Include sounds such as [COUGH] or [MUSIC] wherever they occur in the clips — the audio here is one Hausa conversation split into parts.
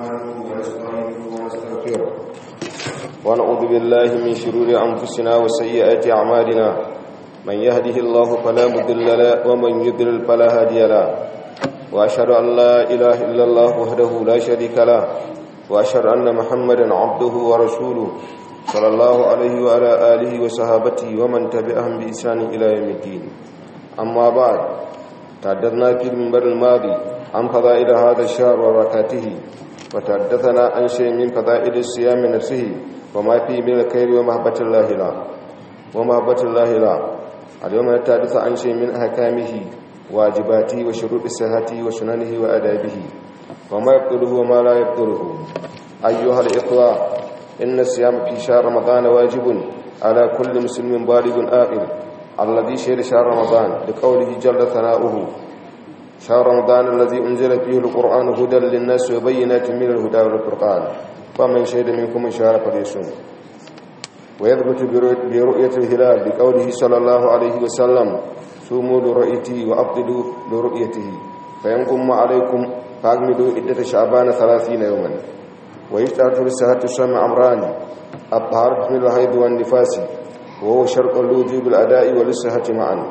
نحمده ونستعينه ونستغفره ونعوذ بالله من شرور أنفسنا وسيئات أعمالنا من يهده الله فلا مضل له ومن يضلل فلا هادي له وأشهد أن لا إله إلا الله وحده لا شريك له وأشهد أن محمدا عبده ورسوله صلى الله عليه وعلى آله وصحابته ومن تبعهم بإحسان إلى يوم الدين أما بعد تعددنا في المنبر الماضي عن فضائل هذا الشهر وبركاته وتحدثنا عن شيء من فضائل الصيام نفسه وما فيه من الخير ومحبة الله له ومحبة الله له اليوم نتحدث عن شيء من أحكامه واجباته وشروط صحته وسننه وآدابه وما يبطله وما لا يبطله أيها الإخوة إن الصيام في شهر رمضان واجب على كل مسلم بالغ عاقل الذي شهر شهر رمضان لقوله جل ثناؤه شهر رمضان الذي أنزل فيه القرآن هدى للناس وبينات من الهدى والفرقان فمن شهد منكم إن شاء فليصوم ويثبت برؤية الهلال بقوله صلى الله عليه وسلم سوموا لرؤيتي وأبطلوا لرؤيته فينقم عليكم فأجمدوا إدة شعبان ثلاثين يوما ويشترط لصحة الصوم عمران أبهار من الهيد والنفاس وهو شرق اللوجي الأداء وللصحة معا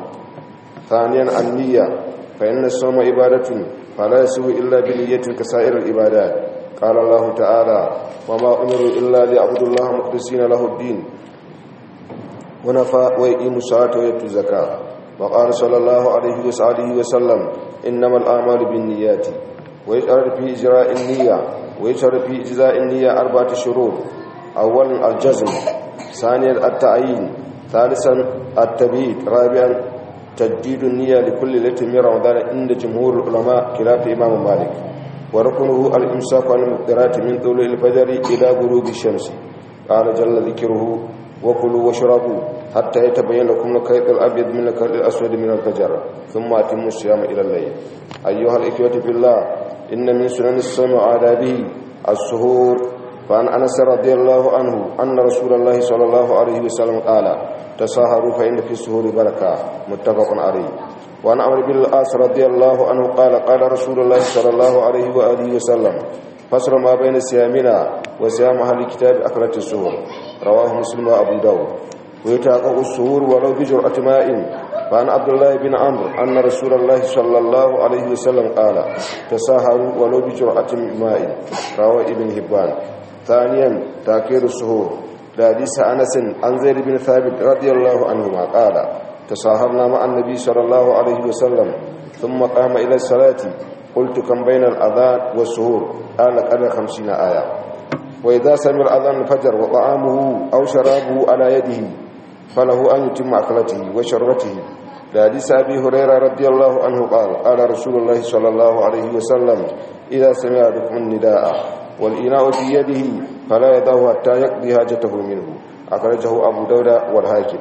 ثانيا النية fa’in soma ibadatun fara su illa biliyetun ka sa’irar ibada ƙarar lahu ta’ara wa ma’unar illa da abdullah makarisi na lahuddin wani fa’o’i imusa ta yadda zaka ba ƙarar sallallahu alaihi wa sa’adihi wa sallam inna mal’amar bin niyati wai tsarfi iza’in niyya arba ta shiro a wani aljazin saniyar at-ta’ayin تجديد النية لكل ليلة من رمضان عند جمهور العلماء خلاف إمام مالك وركنه الإمساك عن المقدرات من طلوع الفجر إلى غروب الشمس قال جل ذكره وكلوا واشربوا حتى يتبين لكم الخيط الأبيض من الخيط الأسود من الفجر ثم أتموا الصيام إلى الليل أيها الإخوة في الله إن من سنن السمع على به السهور Fa'an Anas radhiyallahu anhu anna Rasulullah sallallahu alaihi wasallam qala tasaharu fa inna fi suhuri barakah muttafaqun alaihi wa an Amr bin Al-As radhiyallahu anhu qala qala Rasulullah sallallahu alaihi wa alihi wasallam ma baina siyamina wa siyam ahli kitab akrat as-suhur rawahu Muslim wa Abu Dawud wa yataqa as-suhur wa law bi jur'ati ma'in fa an Abdullah bin Amr anna Rasulullah sallallahu alaihi wasallam qala tasaharu wa law bi jur'ati ma'in rawahu Ibn Hibban ثانيا تاخير السهور لحديث انس عن زيد بن ثابت رضي الله عنهما قال تساهرنا مع النبي صلى الله عليه وسلم ثم قام الى الصلاه قلت كم بين الاذان والسهور قال قد 50 ايه واذا سمع الاذان الفجر وطعامه او شرابه على يده فله ان يتم اكلته وشربته لحديث أبي هريرة رضي الله عنه قال قال رسول الله صلى الله عليه وسلم إذا سمع بكم النداء والإناء في يده فلا يدعه حتى يقضي حاجته منه أخرجه أبو داود والحاكم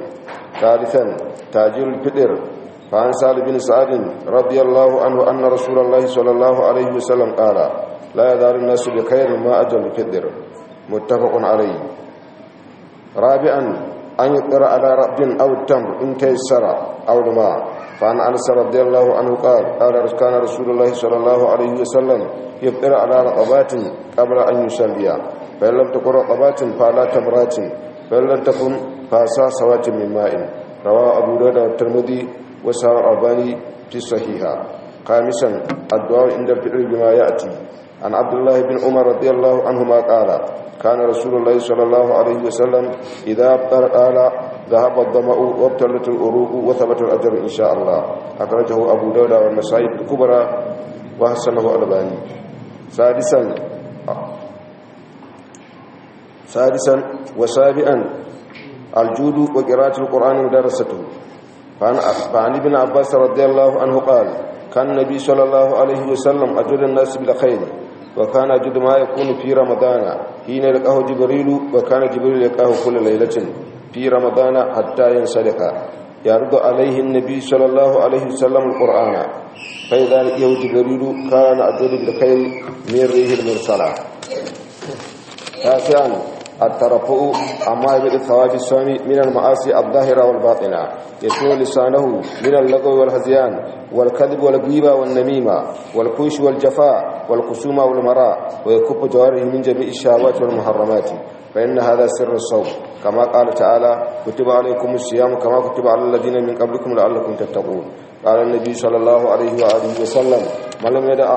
ثالثا تاجير الفطر فعن سال بن سعد رضي الله عنه أن رسول الله صلى الله عليه وسلم قال لا يدار الناس بخير ما أجل الفطر متفق عليه رابعا أن يقرأ على رب أو التمر إن تيسر أو أولما فعن أنس رضي الله عنه قال قال كان رسول الله صلى الله عليه وسلم يفطر على رقبات قبل أن يسلي فإن لم تكن رقبات فعلى تمرات فإن لم تكن فأسا سوات من ماء رواه أبو داود الترمذي وسار الألباني في الصحيحة خامسا الدعاء عند الفطر بما يأتي عن عبد الله بن عمر رضي الله عنهما قال كان رسول الله صلى الله عليه وسلم إذا أبطر قال ذهب الضمأ وابتلت الأروق وثبت الأجر إن شاء الله أخرجه أبو داود والنسائي الكبرى وحسنه الباني سادسا سادسا وسابعا الجود وقراءة القرآن ودرسته فعن ابن عباس رضي الله عنه قال كان النبي صلى الله عليه وسلم أجود الناس بالخير وكان أجود ما يكون في رمضان حين لقاه جبريل وكان جبريل لقاه كل ليلة في رمضان حتى ينسلق يرد عليه النبي صلى الله عليه وسلم القرآن فإذا لقاه جبريل كان أجود بالخير من ريه المرسلة تاسعا [LAUGHS] الترفع عما يجد الثواب السامي من المعاصي الظاهرة والباطنة يسوع لسانه من اللغو والهزيان والكذب والقيبة والنميمة والكوش والجفاء والقسومة والمراء ويكب جواره من جميع الشهوات والمحرمات فإن هذا سر الصوم كما قال تعالى كتب عليكم الصيام كما كتب على الذين من قبلكم لعلكم تتقون قال النبي صلى الله عليه وآله وسلم من لم يدع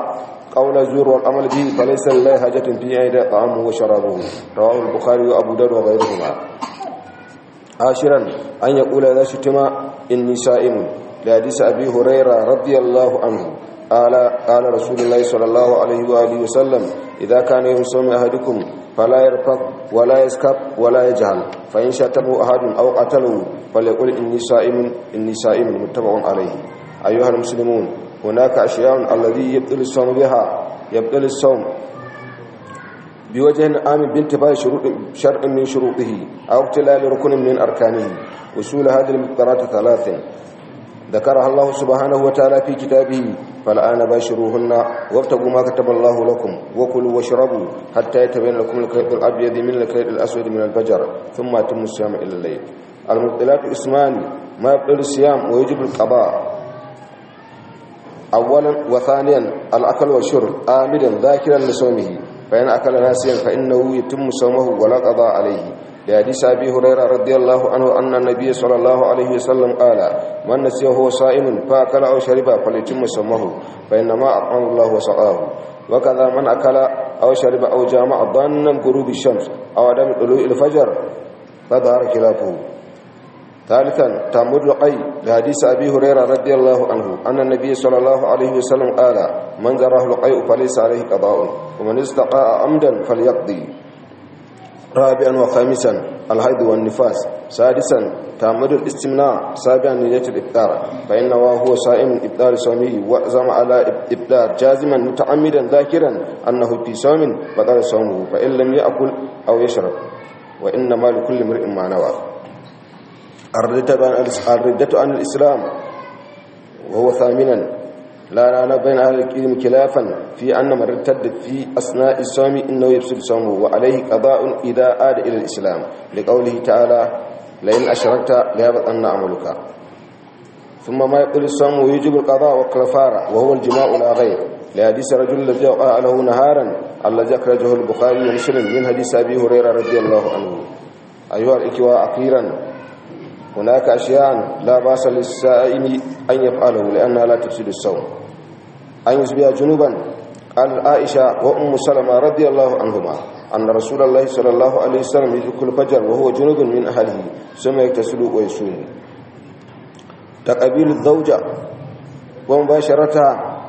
قول الزور والعمل به فليس لله حاجة في أيدي طعامه وشرابه رواه البخاري وأبو دار وغيرهما عاشرا أن يقول ذا شتما إني سائم لأديس أبي هريرة رضي الله عنه قال قال رسول الله صلى الله عليه وآله وسلم إذا كان يوم أهدكم فلا يرفق ولا يسكب ولا يجهل فإن شتمه أهد أو قتله فليقول إني سائم إني سائم متبع عليه أيها المسلمون هناك أشياء الذي يبطل الصوم بها يبطل الصوم بوجه عام بانتفاء شرع من شروطه أو اقتلال ركن من أركانه وصول هذه المقدرات ثلاثة ذكرها الله سبحانه وتعالى في كتابه فالآن باشروهن وابتغوا ما كتب الله لكم وكلوا واشربوا حتى يتبين لكم الكيد الأبيض من الكيد الأسود من الفجر ثم أتموا الصيام إلى الليل المبطلات اسمان ما يبطل الصيام ويجب القضاء awalan wa thaniyan al-akal wa shurb amidan dhakiran li sawmihi fa in akala nasiyan fa innahu yutimmu sawmahu wa la qada alayhi da hadisi abi hurairah radiyallahu anhu anna nabiy sallallahu alayhi wasallam qala man nasiya huwa sa'imun fa akala aw shariba fa yutimmu sawmahu fa inna ma aqala Allahu sa'ahu wa kadha man akala aw shariba aw jama'a dhanna ghurubi shams aw adam dulu al-fajr fa dhara khilafuhu ثالثا تعمد القي لحديث أبي هريرة رضي الله عنه أن النبي صلى الله عليه وسلم قال من جراه القيء فليس عليه قضاء ومن استقاء عمدا فليقضي رابعا وخامسا الحيض والنفاس سادسا تعمد الاستمناء سابعا نية الإبتار فإنه هو صائم إبتار صومه وأزم على إبتار جازما متعمدا ذاكرا أنه في صوم فقال صومه فإن لم يأكل أو يشرب وإنما لكل امرئ ما نوى الردة عن الإسلام وهو ثامنا لا لا بين أهل العلم خلافا في أن من ارتد في أثناء الصوم إنه يفسد صومه وعليه قضاء إذا عاد إلى الإسلام لقوله تعالى لئن أشركت ليبطن عملك ثم ما يقول الصوم ويجب القضاء والكفارة وهو الجماع لا غير لحديث رجل الذي وقع له نهارا الذي أخرجه البخاري ومسلم من حديث أبي هريرة رضي الله عنه أيها الإخوة أخيرا هناك أشياء لا باس للسائل أن يفعله لأنها لا تفسد السوء أن يصبح جنوبا قال عائشة وأم سلمة رضي الله عنهما أن رسول الله صلى الله عليه وسلم يدرك الفجر وهو جنوب من أهله ثم يكتسل ويصوم تقبيل الزوجة ومباشرتها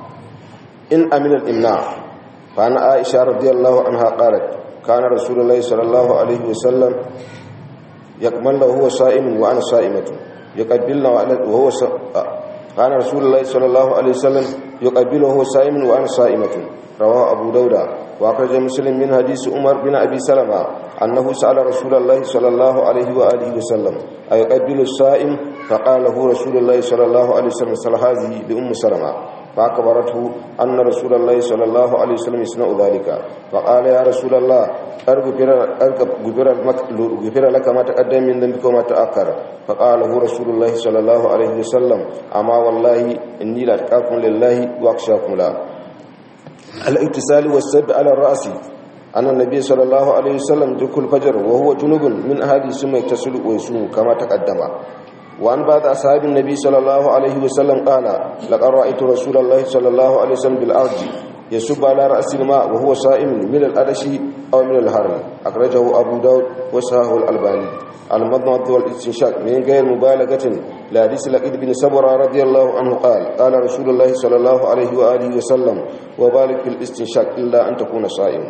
إن أمن الإمناع فأنا عائشة رضي الله عنها قالت كان رسول الله صلى الله عليه وسلم ya kamalla huwa sa'imun wa ana sa'imatu ya qabilna wa ana huwa kana rasulullahi sallallahu alaihi wasallam yuqabilu huwa wa abu dauda wa akhraja muslim min hadisi umar bin abi salama annahu sa'ala rasulullahi sallallahu alaihi wa alihi wasallam ay qabilu sa'im fa qala hu rasulullahi sallallahu bi ummi salama فأخبرته أن رسول الله صلى الله عليه وسلم يسنع ذلك فقال يا رسول الله غفر لك ما تقدم من ذنبك وما تأخر هو رسول الله صلى الله عليه وسلم أما والله إني لأتقاكم لله وأخشاكم لا الاتصال والسب على الرأس أن النبي صلى الله عليه وسلم دخل الفجر وهو جنوب من أهل ثم يتصل ويسوم كما تقدم وعن بعض أصحاب النبي صلى الله عليه وسلم قال لقد رأيت رسول الله صلى الله عليه وسلم بالأرض يسب على رأس الماء وهو صائم من الأدش أو من الهرم أخرجه أبو داود وسهاه الألباني المضمض والاستنشاق من غير مبالغة لا لأكد بن سمرة رضي الله عنه قال قال رسول الله صلى الله عليه وآله وسلم وبالك في الاستنشاق إلا أن تكون صائم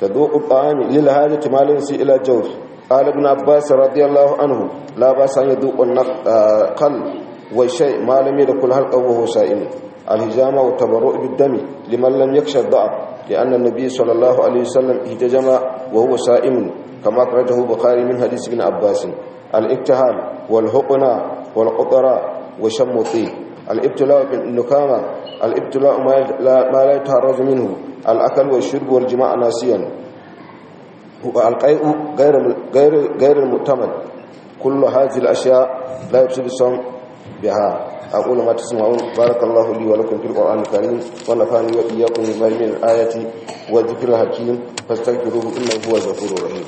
تذوق الطعام للهاجة ما لنسي إلى جوف قال ابن عباس رضي الله عنه لا باس ان يذوق النقل والشيء ما لم يدخل حلقه وهو سائم الهجامه والتبرؤ بالدم لمن لم يكش الضعف لان النبي صلى الله عليه وسلم هجم وهو سائم كما اخرجه البخاري من حديث ابن عباس الابتهال والهقنه والقطره وشم الطين الابتلاء بالنكامه الابتلاء ما لا يتهرج منه الاكل والشرب والجماع ناسيا القيء غير غير غير المؤتمن كل هذه الاشياء لا يبصر بها اقول ما تسمعون بارك الله لي ولكم في القران الكريم ونفعني وإياكم بما من الآية وذكر الحكيم فاستغفروه إنه هو الغفور الرحيم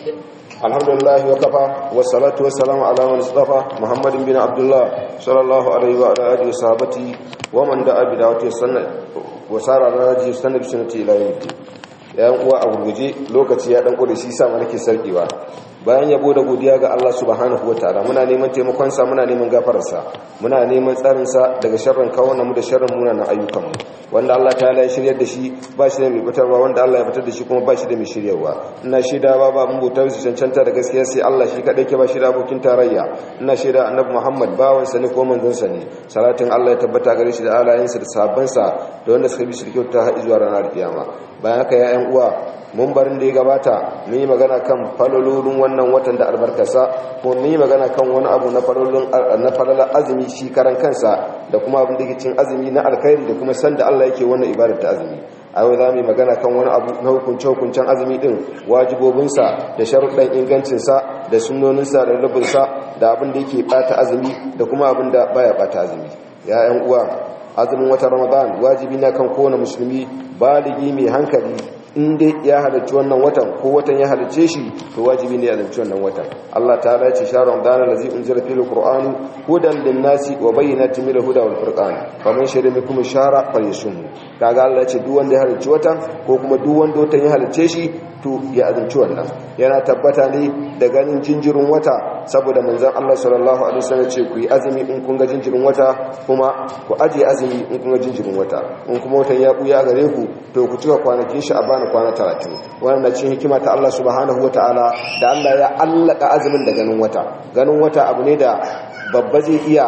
Thank you. alhamdulillah wa kafa wa salatu wa salamu ala wa istafa muhammadin bin abdullah sallallahu alaihi wa ala alihi wa sahabati wa man da'a bi da'wati sanna wa sara raji sanna bi sunnati ila ya ya uwa a gurguje lokaci ya ɗan kore shi sa ma sarki sarkewa bayan yabo da godiya ga Allah subhanahu ta'ala muna neman taimakon sa muna neman sa muna neman tsarin sa daga sharrin kawunan mu da sharrin munanan ayyukan mu wanda Allah ta'ala ya shiryar da shi ba shi da mai fitarwa wanda Allah ya fitar da shi kuma ba shi da mai shiryarwa ina shaida ba ba mun bota su cancanta da gaskiya sai Allah shi kadai ke ba shi da abokin tarayya ina shaida annabi Muhammad bawan sa ne ko manzon sa ne salatin Allah ya tabbata gare shi da alayensa da sa da wanda suka bi shi ta kyauta har zuwa ranar kiyama bayan ka yayan uwa mun barin da ya gabata mun magana kan falololin wannan watan da albarkasa ko mun magana kan wani abu na falolin na falala azumi shi karan kansa da kuma abin da azumi na alkhairi da kuma sanda Allah yake wannan ibadar ta azumi a yau za mu yi magana kan wani abu na hukunce-hukuncen azumi din wajibobinsa da sharuɗan ingancin sa da sa da sa da abin da yake bata azumi da kuma abin da baya bata azumi ya'yan uwa azumin watan ramadan wajibi na kan kowane musulmi baligi mai hankali in dai ya halarci wannan watan ko watan ya halarce shi to wajibi ne ya halarci wannan watan Allah ta da sha lazi in jira fil qur'an hudan lin nasi wa bayyinatin min al-huda wal furqan faman shari minkum shara falyasum kaga Allah ya ce duk wanda ya halarci watan ko kuma duk wanda watan ya halarce shi to ya azumci wannan yana tabbata ne da ganin jinjirin wata saboda manzan Allah sallallahu alaihi wasallam ce ku yi azumi in kun ga jinjirin wata kuma ku ajiye azumi in kun jinjirin wata in kuma watan ya buya gare ku to ku cika kwanakin shi a bana kwana 30 wannan na cikin hikima ta Allah subhanahu wataala da Allah ya allaka azumin da ganin wata ganin wata abu ne da babba zai iya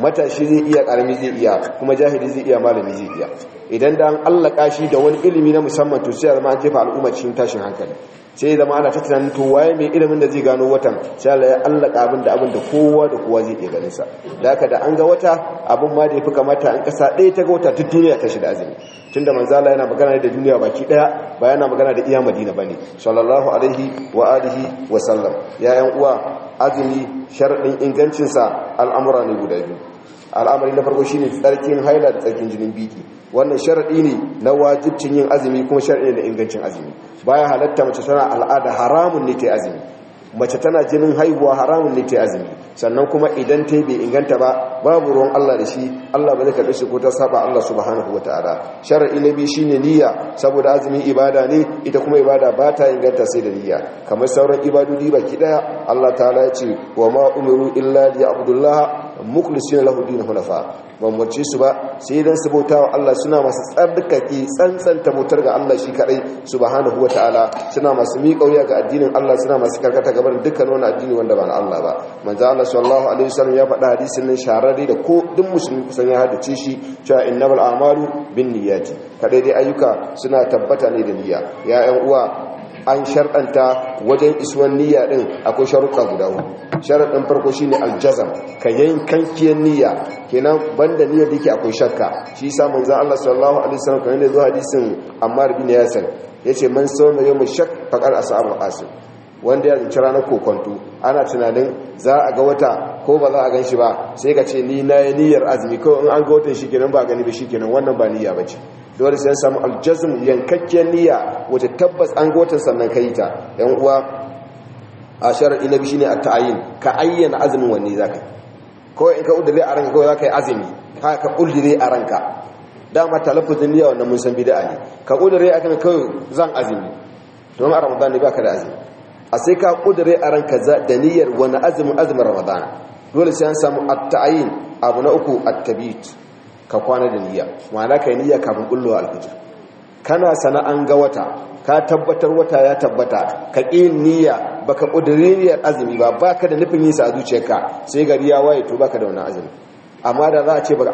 matashi zai iya karami zai iya kuma jahili zai iya malami zai iya idan da an allaka shi da wani ilimi na musamman to sai zama an jefa al'umma cikin tashin hankali sai zama ana ta tunanin to waye mai ilimin da zai gano watan sai ya allaka abin da abin da kowa da kowa zai iya ganinsa da haka da an ga wata abin ma da yafi kamata an kasa ɗaya ta ga wata ta duniya ta shida azumi tunda manzo Allah yana magana da duniya baki daya ba yana magana da iya Madina bane sallallahu alaihi wa alihi wa sallam ya yan uwa azumi sharadin ingancin sa al'amura ne guda biyu al'amari na farko shine tsarkin haila da tsarkin jinin biki wannan sharaɗi ne na wajibcin yin azumi kuma sharaɗi ne na ingancin azumi bayan halatta mace tana al'ada haramun ne ta azumi mace tana jinin haihuwa haramun ne ta azumi sannan kuma idan ta bai inganta ba babu ruwan Allah da shi Allah ba zai karɓi shi ko ta saba Allah subhanahu wataala sharaɗi na biyu shine niyya saboda azumi ibada ne ita kuma ibada ba ta inganta sai da niyya kamar sauran ibadodi baki ɗaya Allah ta ya ce wa ma umiru illa li abdullah muklisina lahu dinu hunafa bambance su ba sai dan su wa Allah suna masu tsarkake tsantsanta motar ga Allah shi kadai subhanahu ta'ala suna masu miƙa wuya ga addinin Allah suna masu karkata gaban dukkan wani addini wanda ba na Allah ba manzo Allah sallallahu alaihi wasallam ya faɗa hadisin nan shararre da ko duk musulmi kusan ya hadace shi cewa innamal a'malu binniyati kadai dai ayyuka suna tabbata ne da niyya ya ƴan uwa an sharɗanta wajen isuwan niyya din akwai sharuɗa guda hudu sharaɗin farko shi ne aljazam ka kankiyar niyya kenan banda niyyar da yake akwai shakka shi samun manzon Allah sallallahu alaihi wasallam kamar amma hadisin Ammar bin Yasir yace man sawma yawm shak faqar ashabul asu wanda ya zuci ranar kokonto ana tunanin za a ga wata ko ba za a gan shi ba sai ka ce ni na yi niyyar azumi ko in an ga watan shi kenan ba gani ba shi kenan wannan ba niyya ba ce dole sai samu aljazm yankakken niyya wata tabbas an ga watan sannan kai ta yan uwa a shirar inabi shine a ta'ayin ka ayyana azumin wanne yi kawai in ka udure a ranka kawai ka yi azumi ka ka udure a ranka dama talaffuzin niyya wannan mun san bid'a ne ka a kan kawai zan azumi don a ramadan ne ka da azumi a sai ka kudure a ranka da niyyar wani azumin azumin ramadan dole sai an samu at taayin abu na uku at-tabit ka kwana da niyya ma'ana kai niyya kafin kullu al-fajr kana sana'an ga wata ka tabbatar wata ya tabbata ka ƙin niyya baka ƙudiri niyyar azumi ba ba ka da nufin yinsa a zuciyarka sai gari ya waye to baka da wani azumi amma da za a ce ba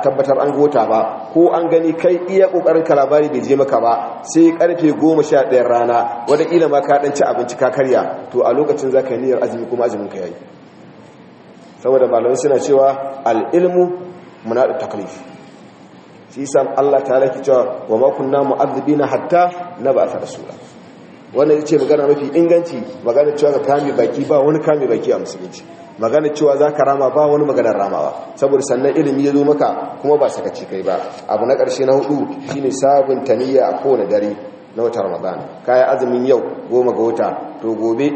tabbatar an gota ba ko an gani kai iya ƙoƙarin kalabari labari bai je maka ba sai karfe 11 rana wadda ƙila ma ka ɗan ci abinci ka karya to a lokacin za ka yi niyyar azumi kuma azumin ka yayi saboda malamai suna cewa al'ilmu muna da taklif shi yasa Allah ta laki cewa wa ma kunna mu'adhibina hatta nab'atha rasula wannan yace magana mafi inganci magana cewa ka kame baki ba wani kame baki a musulunci magana cewa za ka rama ba wani magana ramawa saboda sannan ilimi ya zo maka kuma ba saka ci kai ba abu na karshe na hudu shine sabon taniya a kowane dare na wata ramadan kaya azumin yau goma ga wata to gobe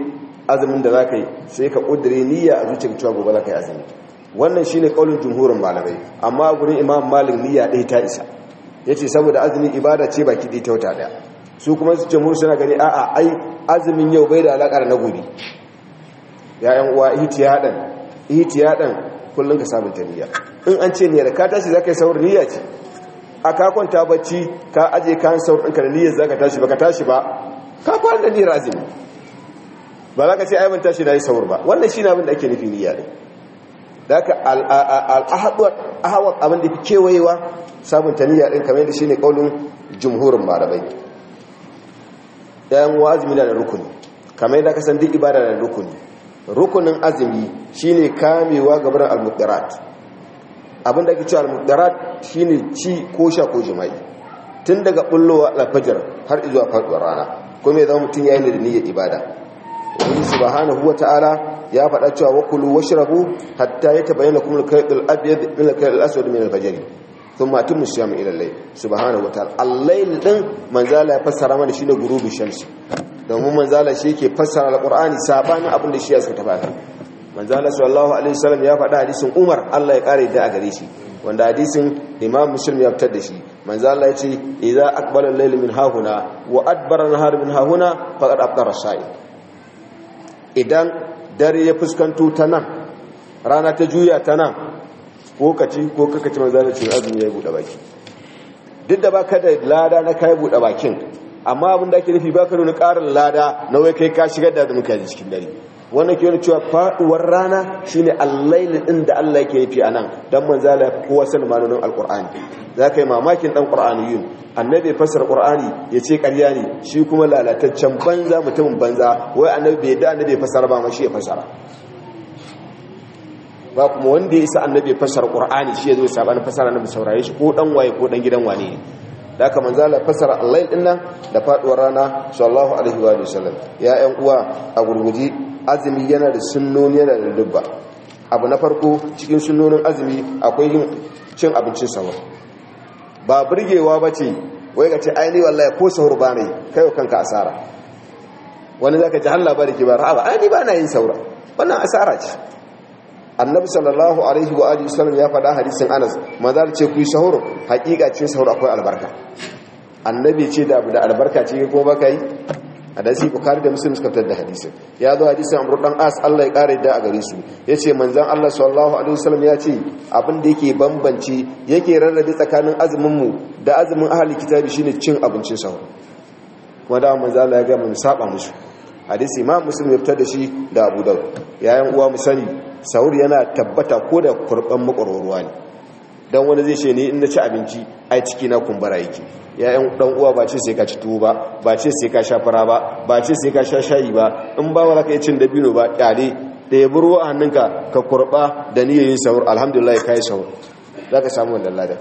azumin da za yi sai ka ƙudure niyya a zuciyarka cewa gobe za ka yi azumi wannan shine kaulin jumhurin malamai amma gurin imam malik niyya ɗaya ta isa yace saboda azumi ibada ce baki ɗaya ta wata ɗaya su kuma su jumhur suna gani a'a ai azumin yau bai da alaka na gobe ya'yan uwa ihtiyadan ihtiyadan kullun ka samun ta niyya in an ce niyyar ka tashi ka yi saur niyya ce a ka kwanta bacci ka aje kan saur ɗinka da niyyar zaka tashi baka tashi ba ka fara da niyyar azumi ba za ka ce ai ban tashi na yi saur ba wannan shine abin da ake nufi niyya ne da haka al'ahawar ahawar abinda fi kewayewa sabunta niyya ɗin kamar yadda shi ne ƙaunin jumhurin malamai ɗayan wa na da rukuni kamar yadda ka san duk ibada na rukuni rukunin azumi shi ne kamewa gabar al-muqdarat abin da ake cewa al-muqdarat shi ne ci ko sha ko jima'i tun daga ɓullowa alfajar har izuwa faɗuwar rana kuma ya zama mutum ya yi da niyyar ibada wani subhanahu wa ta'ala ya faɗa cewa wakulu washrabu hatta yatabayyana lakum al-khayt al-abyad min al-khayt al-aswad min al-fajr thumma atimmu siyama ila al-layl subhanahu wa ta'ala al-layl din manzala ya fassara mana shi da gurubi shamsi domin manzala shi yake fassara al-qur'ani sabanin abin da shi ya saka baka manzala sallallahu alaihi wasallam ya faɗa hadisin Umar Allah ya kare da a gare shi wanda hadisin Imam Muslim ya fitar da shi manzala ya ce idza aqbala al-layl min hahuna wa adbara an-nahar min hahuna faqad afṭara as idan dare ya fuskanto ta nan rana ta juya ta nan ko kaci ko kakaci manzo da cewa azumi ya yi buɗe baki duk da ba ka da lada na yi buɗe bakin amma abin da ake nufi ka nuna ƙarin lada na wai kai ka shigar da azumin ka cikin dare wannan ke cewa faduwar rana shine allailin din da Allah yake yi a nan dan manzo Allah ya kowa sanin ma'anonin Za ka yi mamakin dan qur'ani yun annabi fasar ya ce karya ne shi kuma lalataccen banza mutumin banza wai annabi bai da annabi fasara ba mashi ya fasara ba kuma wanda ya isa annabi fasar qur'ani shi yazo ya saba na fasara na saurare shi ko dan waye ko dan gidan wane ne da aka manza da fassara allai layl da faduwar rana sallallahu alaihi wa sallam ya ƴan uwa a gurguji azumi yana da sunnoni yana da dubba abu na farko cikin sunnonin azumi akwai yin cin abincin sahur ba burgewa bace wai ka ce aini wallahi ko sahur ba ne kai kanka asara wani zaka ji har labari ke ba ra'a ba aini ba na yin saura wannan asara ce annabi sallallahu alaihi wa alihi wasallam ya faɗa hadisin anas maza ce ku yi sahur hakika cikin sahur akwai albarka annabi ce da abu da albarka ce ko baka yi hadisi bukhari da muslim suka fitar da hadisin ya zo hadisin amru dan as Allah ya kare da a gare su yace manzon Allah sallallahu alaihi wasallam ya ce abin da yake bambanci yake rarrabe tsakanin azumin mu da azumin ahli kitabi shine cin abincin sahur da manzon Allah ya ga mun saba musu hadisi imam muslim ya fitar da shi da abu daud yayin uwa mu sani sahur yana tabbata ko da kurban makwarorwa ne dan wani zai ce ni in na ci abinci ai ciki na kumbura yake yayan dan uwa ba ce sai ka ci tuwo ba ba ce sai ka sha fara ba ba ce sai ka sha shayi ba in ba wa ka yi cin dabino ba kyale da ya buru a hannunka ka kurba da niyyar yin sahur alhamdulillah ka yi sahur za ka samu wannan ladan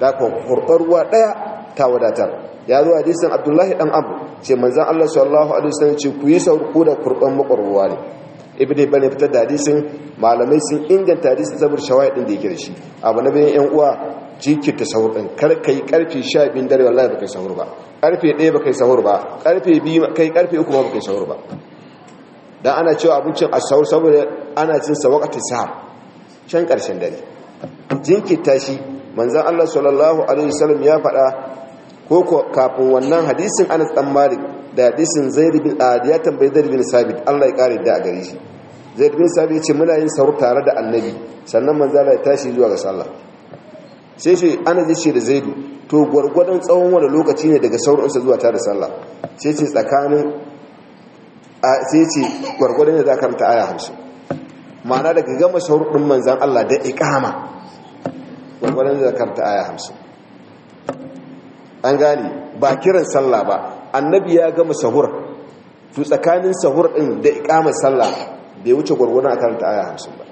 da ka kurɓar ruwa ɗaya ta wadatar ya zo hadisin abdullahi dan abu ce manzan allah sallallahu alaihi wasallam ce ku yi sauku da kurban makwarwa ne ibn bane fitar da hadisin malamai sun inganta hadisin saboda shawai din da ya da shi abu na bayan yan uwa jikirta sahur din kar kai karfe 12 dare wallahi baka sahur ba karfe 1 baka sahur ba karfe 2 kai karfe 3 baka sahur ba dan ana cewa abincin a sahur saboda ana cin sa wakati sahar can karshen dare jinkirta shi manzan Allah sallallahu alaihi wasallam ya faɗa ko kafin wannan hadisin anas dan malik da hadisin zaid bin ya tambayi zaid bin sabit Allah ya kare da a gare shi zaid bin sabit ce muna yin sauri tare da annabi sannan manzo Allah ya tashi zuwa ga sallah sai shi anas ya ce da zaidu to gwargwadon tsawon wani lokaci ne daga saurinsa zuwa tare da sallah sai ce tsakanin sai ce gurgurdan ya za ta aya hamsin ma'ana daga gama saurin manzan Allah da ikama gwargwadon da za ta aya hamsin an gane ba kiran sallah ba annabi ya gama sahur to tsakanin sahur din da iqamar sallah bai wuce gurgurun a karanta aya 50 ba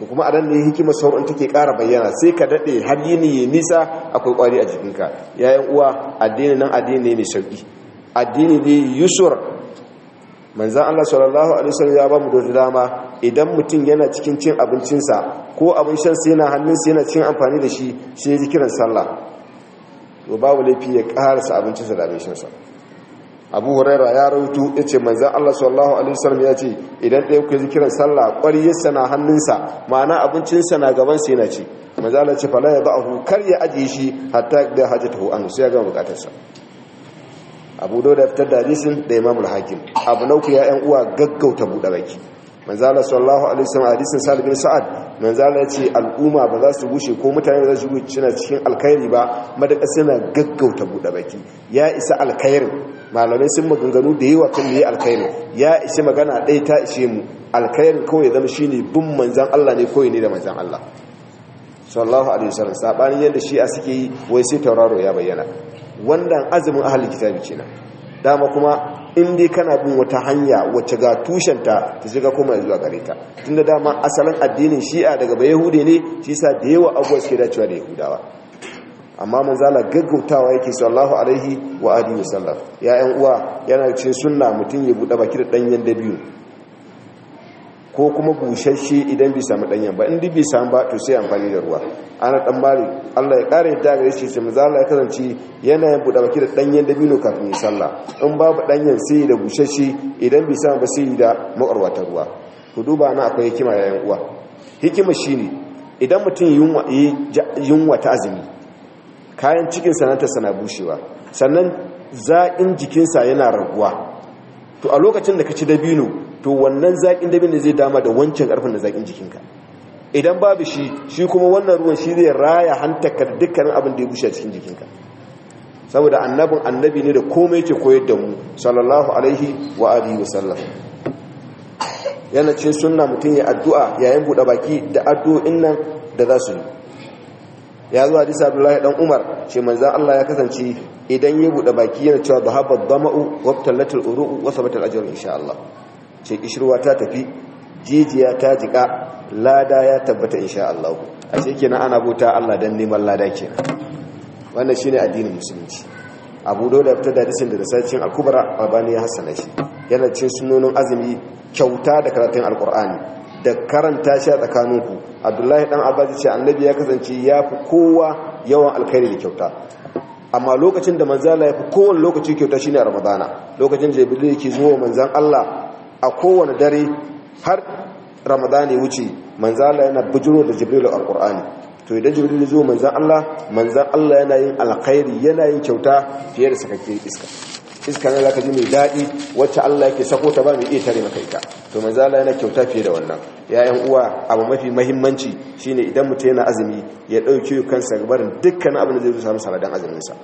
to kuma adan ne hikimar sahur din take ƙara bayyana sai ka dade har yini nisa akwai kwari a jikinka yayin uwa addini nan addini ne mai addini ne yusur manzan Allah sallallahu alaihi wasallam ya ba mu dama idan mutum yana cikin cin abincinsa ko abin shan sai yana hannunsa yana cikin amfani da shi sai ya ji kiran sallah to babu laifi ya karasa abincinsa da abincinsa abu huraira ya rautu ya ce manzan allah sallallahu alaihi wasallam ya ce idan ɗaya ku zikiran sallah ƙwari ya na hannunsa ma'ana abincinsa na gaban sa yana ci manzan allah ce fala ya ba'ahu kar ya ajiye shi hatta da ta hu'an sai ya gama bukatarsa abu da fitar da hadisin da imamul hakim abu nauku ya yan uwa gaggauta buɗe baki manzala sallallahu alaihi wasallam hadisin sa'ad bin sa'ad manzala yace al'umma ba za su bushe ko mutane ba za su gushe suna cikin alkhairi ba madaka suna gaggauta bude baki ya isa alkhairin malamai sun maganganu da yawa kan yi alkhairin ya isa magana ɗaya ta ishe mu alkhairin kawai zama shine bin manzan Allah ne koyi ne da manzan Allah sallallahu alaihi wasallam sabanin yadda a suke yi wai sai tauraro ya bayyana wannan azumin ahli kitabi kenan dama kuma in dai kana bin wata hanya wacce ga tushenta ta shiga kuma zuwa gare ta da dama asalin addinin shi'a daga ba yahude ne shi sa da yawa abuwa suke dacewa da yahudawa amma manzala gaggautawa yake sallahu alaihi wa alihi wasallam ya yan uwa yana cin sunna mutum ya buɗe baki da ɗanyen dabi'u. ko kuma bushashe idan bai samu danyen ba in bi samu ba to sai amfani da ruwa ana dan bari Allah ya kare da gare shi sai mazala ya kasance yana yin buɗa baki da danyen dabino kafin ya sallah in babu danyen sai da bushashe idan bai samu ba sai da ta ruwa ku duba na akwai hikima yan uwa hikima shine idan mutum yunwa yunwa ta azumi kayan cikin sanata sana bushewa sannan zaƙin jikinsa yana raguwa to a lokacin da ka ci dabino to wannan zaƙin dabin ne zai dama da wancan ƙarfin da zaƙin jikinka idan babu shi shi kuma wannan ruwan shi zai raya hantakar dukkanin abin da ya bushe a cikin jikinka saboda annabin annabi ne da komai ke koyar da mu sallallahu alaihi wa alihi wa sallam yana cin sunna mutum ya addu'a yayin buɗe baki da addu'o'in nan da za su yi ya zuwa hadisi abdullahi dan umar ce manzan allah ya kasance idan ya buɗe baki yana cewa da haɓar dama'u wabtallatul uru'u wasu batal ajiyar insha ce kishirwa ta tafi jijiya ta jika lada ya tabbata insha Allah a kenan ana bauta Allah dan neman lada kenan wannan shine addinin musulunci abu da da da sacin al-kubra babani ya hassana shi yana cin sunonin azumi kyauta da karatun alkur'ani da karanta shi a tsakaninku abdullahi dan abbas ce annabi ya kasance ya fi kowa yawan alkhairi da kyauta amma lokacin da manzala ya fi kowane lokaci kyauta shine ramadana lokacin da jibril yake zuwa manzan Allah a kowane dare har ramadan ya wuce manzan Allah yana bujiro da jibril alqur'ani to idan jibril ya zo manzan Allah manzan Allah yana yin alkhairi yana yin kyauta fiye da sakakken iska iska ne zaka ji mai dadi wacce Allah yake sako ta ba mai iya tare maka ita to manzan Allah yana kyauta fiye da wannan yayan uwa abu mafi muhimmanci shine idan mutum yana azumi ya dauke kansa gabarin dukkan abin da zai zo samu saladan azumin sa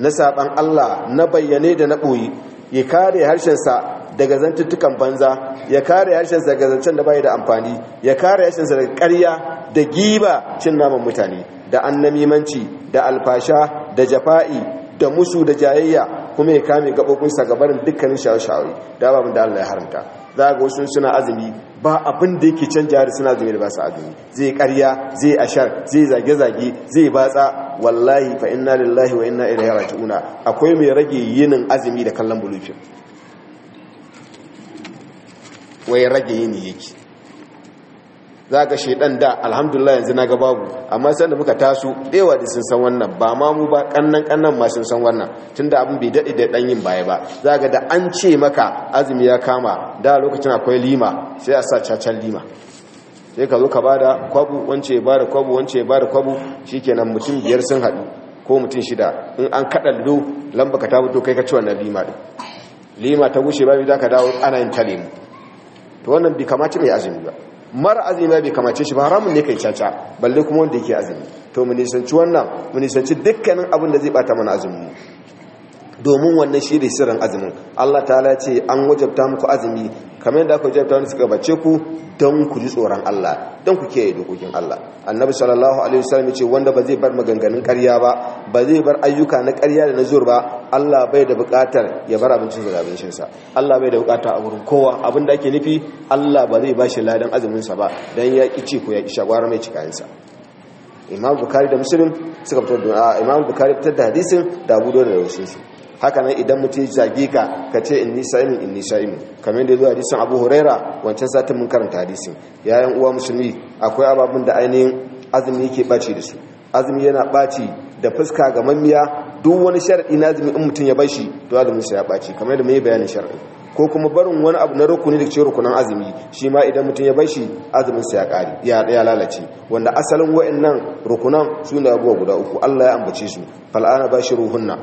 na saban Allah na bayyane da na boye ya kare harshen sa. daga zantuttukan banza ya kare harshen daga zancen da bai da amfani ya kare harshensa daga ƙarya da giba cin naman mutane da annamimanci da alfasha da jafa'i da musu da jayayya kuma ya kame gaɓoɓinsa ga barin dukkanin shawarwari da ba da Allah ya haramta za ga wasu suna azumi ba abin da yake canja har suna azumi da ba su azumi zai ƙarya zai ashar zai zage-zage zai batsa wallahi fa inna lillahi wa inna ilaihi raji'una akwai mai rage yinin azumi da kallon bulufin wai rage yini yake za ka shaidan da alhamdulillah yanzu na babu amma sanda muka taso ɗewa da sun san wannan ba ma mu ba kannan kannan ma sun san wannan tunda abin bai daɗi da ɗan yin baya ba za ga da an ce maka azumi ya kama da lokacin akwai lima sai a sa cacan lima sai ka zo ka ba da kwabu wance ya ba da kwabu wance ba da kwabu shi nan mutum biyar sun haɗu ko mutum shida in an kaɗa lilo lamba ka ta fito kai ka ci wannan lima ɗin lima ta ba bi za ka dawo ana yin ta lemu to wannan bai kamace mai azumi ba mara azumi ma bai kamace shi ba haramun ne kai caca balle kuma wanda yake azumi to mu nisanci wannan mu nisanci dukkanin abin da zai bata mana azumi mu domin wannan shi ne sirrin azumin Allah ta'ala ce an wajabta muku azumi kamar yadda aka wajabta wani suka bace ku don ku ji tsoron Allah don ku kiyaye dokokin Allah annabi sallallahu alaihi wasallam ce wanda ba zai bar maganganun ƙarya ba ba zai bar ayyuka na ƙarya da na zuwa ba Allah bai da bukatar ya bar abincin daga abincinsa Allah bai da bukatar a wurin kowa abinda ake nufi Allah ba zai bashi ladan azuminsa ba dan ya ki ci ko ya isha gwara mai cikayensa Imam Bukhari da Muslim suka fitar da Imam Bukhari fitar da hadisin da Abu Dawud da Rasulullah haka nan idan mutum ya zage ka ka ce inni sa'imin inni sa'imin kamar da zuwa hadisin Abu Huraira wancan satin mun karanta hadisin yayan uwa musulmi akwai ababun da ainihin azumi yake baci da su azumi yana baci da fuska ga mamiya duk wani na zumi in mutum ya bai shi to ya sa ya baci kamar da mai bayanin sharaɗi ko kuma barin wani abu na rukuni da ce rukunan azumi shi ma idan mutum ya bai shi azumin sa ya ƙari ya ya lalace wanda asalin wa'annan rukunan su ne abubuwa guda uku Allah ya ambace su fal'ana fal ana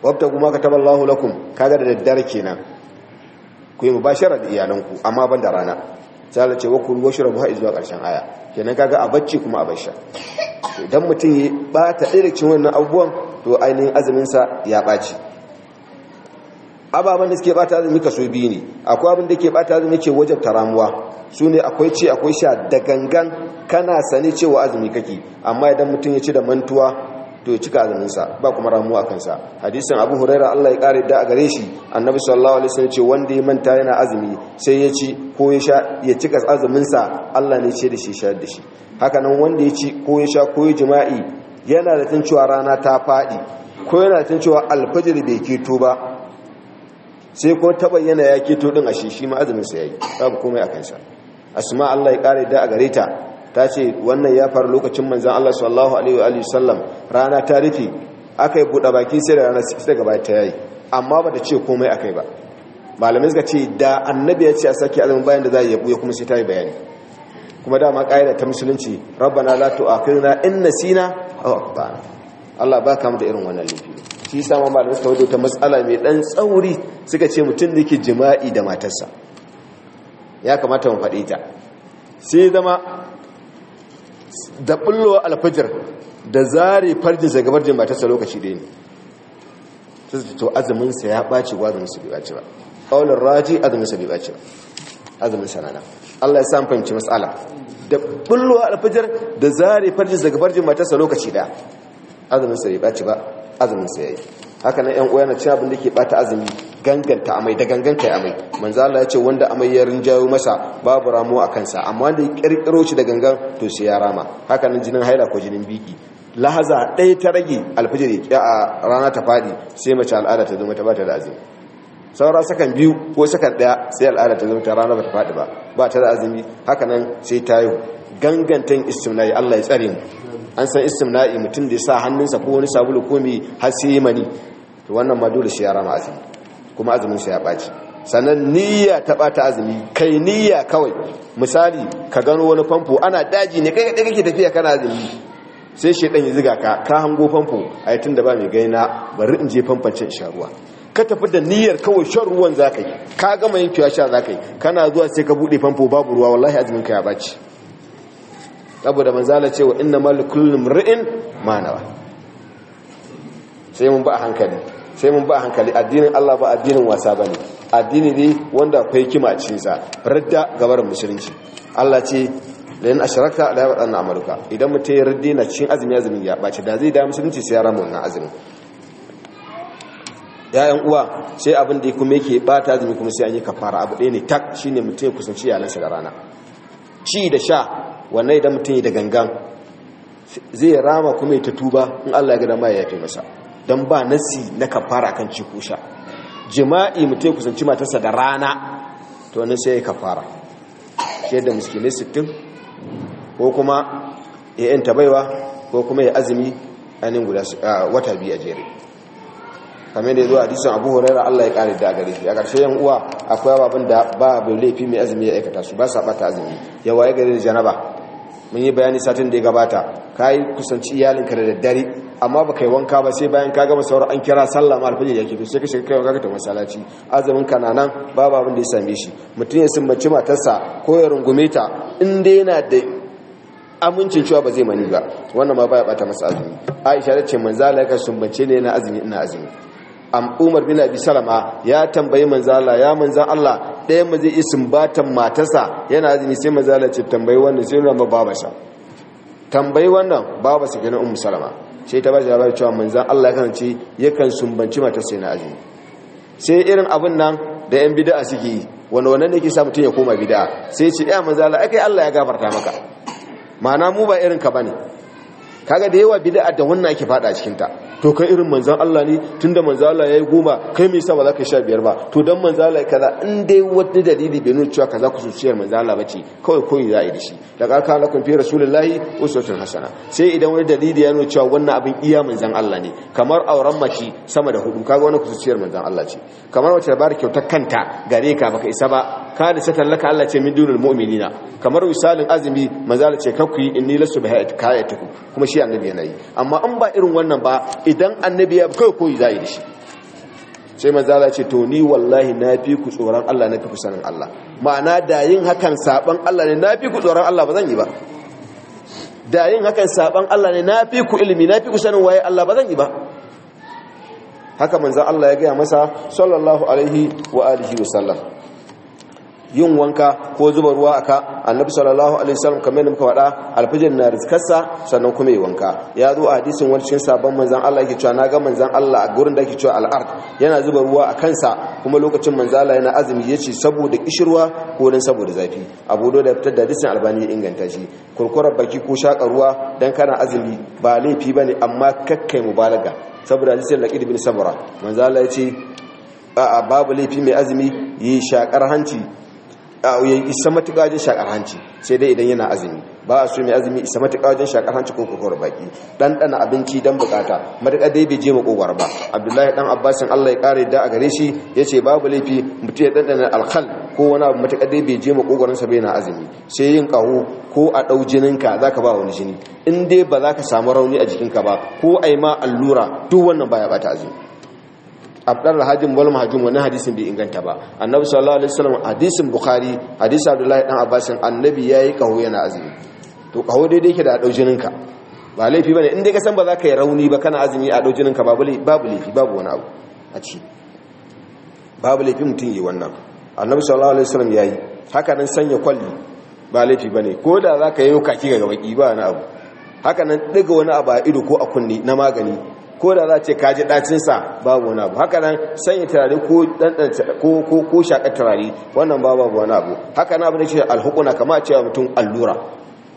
kuma ka ka kataballahu lakum kaga da daddare kenan ku yi mubashara da iyalanku amma ban da rana sai ce wa kulu washrabu zuwa karshen aya kenan kaga a bacci kuma a basha idan mutum ya bata ɗaya cin cikin abubuwan to ainihin azumin ya ɓaci ababen da suke bata azumi kaso biyu ne akwai abin da ke bata azumi ce wajen taramuwa su ne akwai ce akwai sha da gangan kana sane cewa azumi kake amma idan mutum ya ci da mantuwa to ya cika azuminsa ba kuma ramu a kansa hadisin abu huraira allah ya kare da a gare shi annabi sallallahu alaihi wasallam ce wanda ya manta yana azumi sai ya ci ko ya sha ya cika azuminsa allah ne ce da shi sha da shi haka nan wanda ya ci ko ya sha ko ya jima'i yana da tun cewa rana ta faɗi ko yana da tun cewa alfajir bai keto ba sai ko ta bayyana ya keto din a shi shi ma azuminsa ya yi babu komai a kansa asma allah ya kare da a gare ta ta ce wannan ya faru lokacin manzan Allah sallallahu alaihi wa sallam rana ta rufe aka yi buɗa baki sai da rana sai gaba ta yayi amma ba da ce komai kai ba malamai suka ce da annabi ya ce a sake azumin bayan da za ya buya kuma sai ta yi bayani kuma dama ƙa'ida ta musulunci rabbana la tu'akhirna in nasina aw akhtana Allah ba kama da irin wannan laifi shi yasa ma malamai suka wajo ta matsala mai dan tsauri suka ce mutum da yake jima'i da matarsa ya kamata mu faɗi ta sai zama da bullo alfajir da zare farjinsa gabar jin matarsa lokaci da ne ta zai to azuminsa ya ɓace wa su bai ɓace ba ƙaunar raji azuminsa bai ɓace ba azuminsa rana allah ya samu fahimci matsala da bullo alfajar da zare farjinsa gabar jin matarsa lokaci da azuminsa bai ɓace ba azuminsa ya yi haka yan uwa na cin abin da ke bata azumi ganganta amai da ganganta amai manzo Allah ya ce wanda amai ya rinjayo masa babu ramo a kansa amma wanda ya kirkiro shi da gangan to sai ya rama haka jinin haila ko jinin biki lahaza ɗaya ta rage alfijir ya a rana ta faɗi sai mace al'ada ta zama ta bata da azumi saura sakan biyu ko sakan ɗaya sai al'ada ta zama ta rana ba ta faɗi ba ba ta da azumi haka sai ta yi gangantan istimna'i Allah ya tsare mu an san istimna'i mutum da ya sa hannunsa ko wani sabulu ko mai har sai mani to wannan ma dole shi ya rama azumi kuma azumin sa ya baci sannan niyya ta bata azumi kai niyya kawai misali ka gano wani famfo ana daji ne kai kake tafiya kana azumi sai shedan ya ziga ka ka hango famfo ai tunda ba mai gaina bari in je famfancin sha ruwa ka tafi da niyyar kawai shan ruwan ka yi ka gama yin kiwa sha ka yi kana zuwa sai ka buɗe famfo babu ruwa wallahi azumin ka ya baci saboda manzala cewa inna malikul mri'in ma nawa sai mun ba a hankali sai mun ba a hankali addinin Allah ba addinin wasa ba ne addini ne wanda akwai kima a cikinsa radda gabarin musulunci Allah ce lain asharaka da ya waɗannan amurka idan mutum yi na cikin azumi azumi ya ɓace da zai da musulunci sai ya rama wannan azumin ya'yan uwa sai abin da kuma yake bata azumi kuma sai an yi kafara abu ɗaya ne tak shine mutum ya kusanci sa da rana ci da sha wannan idan mutum ya da gangan zai rama kuma ya ta tuba in Allah ya ga dama ya yafe masa don ba nasi na kafara kan ci jima'i mutum kusanci matarsa da rana to wani sai ya kafara shi yadda miskinai sittin ko kuma ya yanta baiwa ko kuma ya azumi ainihin guda wata biyu a jere kamar da ya zo a disan abu horaira allah ya kare da gare shi a ƙarshe yan uwa akwai ababen da ba bai laifi mai azumi ya aikata su ba sa azumi yawa ya gare da janaba mun yi bayani satin da ya gabata ka yi kusanci iyalinka da daddare amma ba kai wanka ba sai bayan ka gama sauran an kira sallah ma alfajir yake to sai ka shiga kai wanka ka masallaci azumin ka nan babu abin da ya same shi mutum ya mace matarsa ko ya rungume ta in dai yana da amincin cewa ba zai mani ba wannan ma baya bata masa azumi aisha ta ce manzo Allah ka mace ne na azumi ina azumi umar bin abi salama ya tambayi Manzala ya Manzan Allah ɗaya mu zai yi sumbatan matarsa yana azumi sai Manzala ce tambayi wannan sai nuna babasa tambayi wannan babasa gina Umar salama sai ta shi labari cewa Manzan Allah ya kasance yakan sumbanci matarsa yana azumi sai irin abin nan da yan bid'a suke yi wani wannan ne ke sa mutum ya koma bid'a sai ce ya Manzala aka akai Allah ya gafarta maka ma'ana mu ba irin ka bane kaga da yawa bid'a da wannan ake fada cikin ta to kai irin manzan Allah ne tunda manzan Allah ya yi goma kai mai yasa za ka sha biyar ba to don manzan Allah kaza in dai wani dalili bai nuna cewa kaza siyar manzan Allah bace kawai koyi za a yi da shi daga aka lakum rasulun rasulullahi uswatun hasana sai idan wani dalili ya nuna cewa wannan abin iya manzan Allah ne kamar auren mace sama da hudu kaga wani siyar manzan Allah ce kamar wacce da ba da kyautar kanta gare ka ba ka isa ba sai tallaka Allah ce min dunul mu'minina kamar misalin azumi manzala ce kanku yi inni lasu bi hayatukum kuma shi annabi yana yi amma an ba irin wannan ba idan annabi ya kai koyi zai da shi sai manzala ce to ni wallahi na fi ku tsoron Allah na fi ku sanin Allah ma'ana da yin hakan saban Allah ne na fi ku tsoron Allah ba zan yi ba da yin hakan saban Allah ne na fi ku ilimi na fi ku sanin waye Allah ba zan yi ba haka manzan Allah ya gaya masa sallallahu alaihi wa alihi wa sallam yin wanka ko zuba ruwa aka annabi sallallahu alaihi wasallam kamar yadda muka faɗa alfijir na rizkarsa sannan kuma yi wanka ya zo a hadisin wani cikin sabon manzan Allah yake cewa na ga manzan Allah a gurin da yake cewa al'ard yana zuba ruwa a kansa kuma lokacin manzan Allah yana azumi ya ce saboda kishirwa ko dan saboda zafi abu da ya fitar da hadisin albani ya inganta shi kurkurar baki ko shaka ruwa dan kana azumi ba laifi bane amma kakkai mubalaga saboda hadisin laqid bin sabra manzan Allah ya ce a'a babu laifi mai azumi yi shakar hanci ya isa matuƙa wajen shakar hanci sai dai idan yana azumi ba a so mai azumi isa matuƙa wajen shakar hanci ko kokowar baki ɗanɗana abinci don bukata matuƙa dai bai je makogwar ba abdullahi ɗan abbasin allah ya ƙara yadda a gare shi ya ce babu laifi mutum ya ɗanɗana alkhal ko wani abu matuƙa dai bai je sa bai na azumi sai yin ƙaho ko a ɗau jininka za ka ba wani jini in dai ba za ka samu rauni a jikinka ba ko a yi ma allura duk wannan baya ba ta azumi abdar hajin wal mahjum wani hadisin bai inganta ba annabi sallallahu alaihi wasallam hadisin bukhari hadisi abdullahi dan abbasin annabi yayi kaho yana azumi to kaho dai dai yake da dau jininka ba laifi bane in dai ka san ba za ka yi rauni ba kana azumi a dau jininka babu babu laifi babu wani abu a ci babu laifi mutum yi wannan annabi sallallahu alaihi wasallam yayi haka nan sanya kwalli ba laifi bane ko da za ka yi kaki ga gabaki ba wani abu haka nan diga wani abu a ido ko a kunni na magani ko da za ce ka ji ɗacinsa babu wani abu haka nan sanya turare ko shaƙar turare wannan ba babu wani abu haka nan abu da ce alhukuna kama cewa mutum allura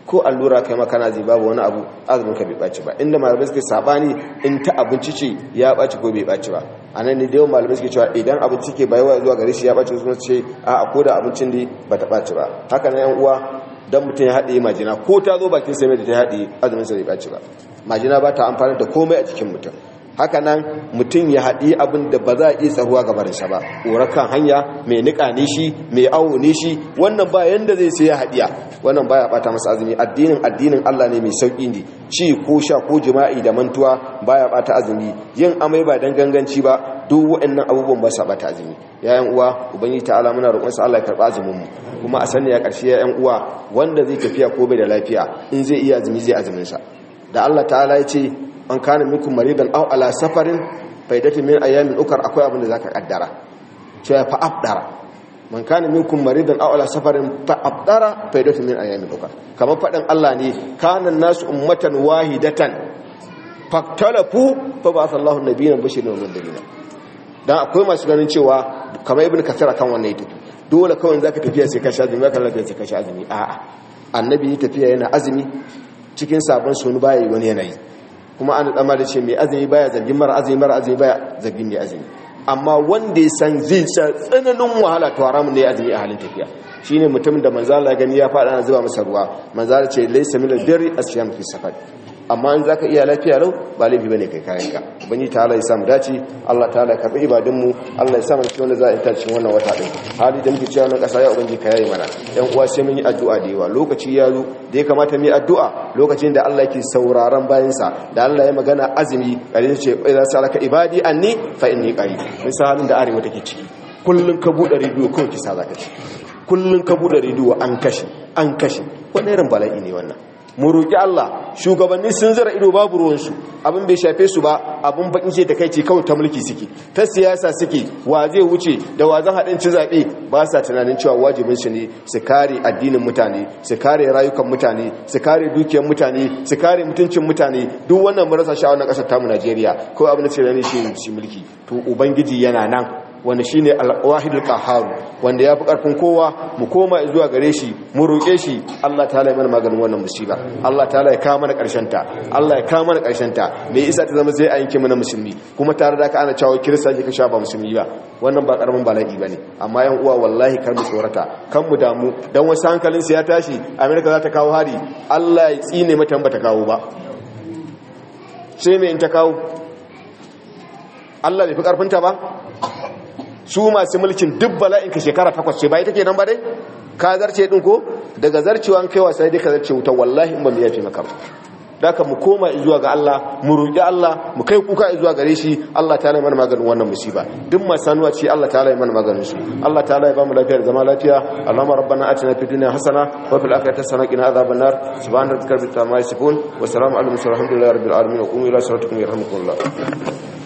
ko allura kai makana zai babu wani abu azumin ka bai ɓaci ba inda malamai suke sabani in ta abinci ce ya ɓaci ko bai ɓaci ba a nan ne da malamai suke cewa idan abinci ke bayarwa zuwa gare shi ya ɓaci suna ce a ko da abincin da ba ta ɓaci ba haka nan yan uwa don mutum ya haɗe majina ko ta zo bakin sai mai da ta haɗe azuminsa zai ɓaci ba majina ba ta amfani da komai a cikin mutum haka nan mutum ya haɗe abin da ba za a iya tsaruwa ga barinsa ba ƙorakan hanya mai niƙa ne shi mai awo ne shi wannan ba yadda zai sai ya haɗiya wannan baya bata masa azumi addinin addinin Allah ne mai sauki ne ci ko sha ko jima'i da mantuwa baya bata azumi yin amai ba dan ganganci ba duk waɗannan abubuwan ba sa bata azumi yayan uwa ubangiji ta'ala muna roƙon sa Allah ya karba azumin mu kuma a sani ya karshe yayan uwa wanda zai tafiya ko bai da lafiya in zai iya azumi zai azumin sa da Allah ta'ala ya ce an kana minkum maridan aw ala safarin faidatu min ayamin ukar akwai abin da zaka kaddara cewa fa afdara man kana minkum maridan aw ala safarin fa abdara fa min ayami kamar faɗin Allah ne kana nasu ummatan wahidatan faktalafu fa na sallahu nabiyina bashirin wa mudhirina dan akwai masu ganin cewa kamar ibnu Kasir akan wannan yake dole kawai zaka tafiya sai ka sha azumi ka lafiya sai ka sha azumi a'a annabi tafiya yana azumi cikin sabon sunu baya wani yanayi kuma an da ce mai azumi baya zargin mara azumi mara azumi baya zargin mai azumi amma wanda ya san zai san tsananin wahala to haramun ne azumi a halin tafiya Shi ne mutumin da manzala Allah gani ya faɗa na zuba masa ruwa manzala ce laysa minal a siyan fi safar amma in za ka iya lafiya lau ba laifi ne kai kayan ka yi ta Allah ya samu dace Allah ta ya karbi ibadun Allah ya samu cikin wanda za a ita cikin wannan wata ɗin hali da muke cewa na kasa ya ubangi ka yayi mana yan uwa sai mun yi addu'a da yawa lokaci ya zo da ya kamata mu yi addu'a lokacin da Allah yake sauraron bayansa da Allah ya magana azumi kare ce idan salaka ibadi anni fa inni ƙari mun sa halin da arewa take ciki kullum ka buɗe rediyo kawai kisa ka ci kullum ka buɗe rediyo an kashe an kashe wannan irin bala'i ne wannan mu roƙi Allah shugabanni sun zira ido babu ruwansu abin bai shafe su ba abin bakin ce da kai ce kawai ta mulki suke ta siyasa suke wa zai wuce da wa zan haɗin ci zaɓe ba sa tunanin cewa wajibin su ne su kare addinin mutane su kare rayukan mutane su kare dukiyar mutane su kare mutuncin mutane duk wannan mu rasa shi a ƙasar tamu Najeriya ko abin da ce ne shi mulki to ubangiji yana nan wanda shine al-wahidul qahhar wanda ya fi karfin kowa mu koma zuwa gare shi mu roƙe shi Allah ta ya mana maganin wannan musiba Allah ta ya kawo mana ƙarshen ta Allah ya kawo mana karshen ta me isa ta zama zai a yanke mana musulmi kuma tare da ka ana cewa kirista ke kasha ba musulmi ba wannan ba karamin ba ne amma yan uwa wallahi kar mu tsorata kan mu damu dan wasu hankalin su ya tashi amerika za ta kawo hari Allah ya tsine mata ba ta kawo ba sai mai in ta kawo Allah bai fi karfinta ba su masu mulkin duk bala'in ka shekara takwas ce ba ita nan ba dai ka zarce din ko daga zarcewa an kai sai dai ka zarce wuta wallahi in ba mu yafi maka da ka mu koma zuwa ga Allah mu roƙi Allah mu kai kuka zuwa gare shi Allah ta mana maganin wannan musiba duk ma sanuwa ce Allah ta mana maganin su Allah ta ya ba mu lafiya da zama lafiya Allahumma rabbana atina fid dunya hasana wa fil akhirati hasana qina adhaban nar subhana rabbika rabbil izzati amma yasifun wa salamun alal mursalin alhamdulillahi rabbil alamin wa qumu ila salatikum yarhamukumullah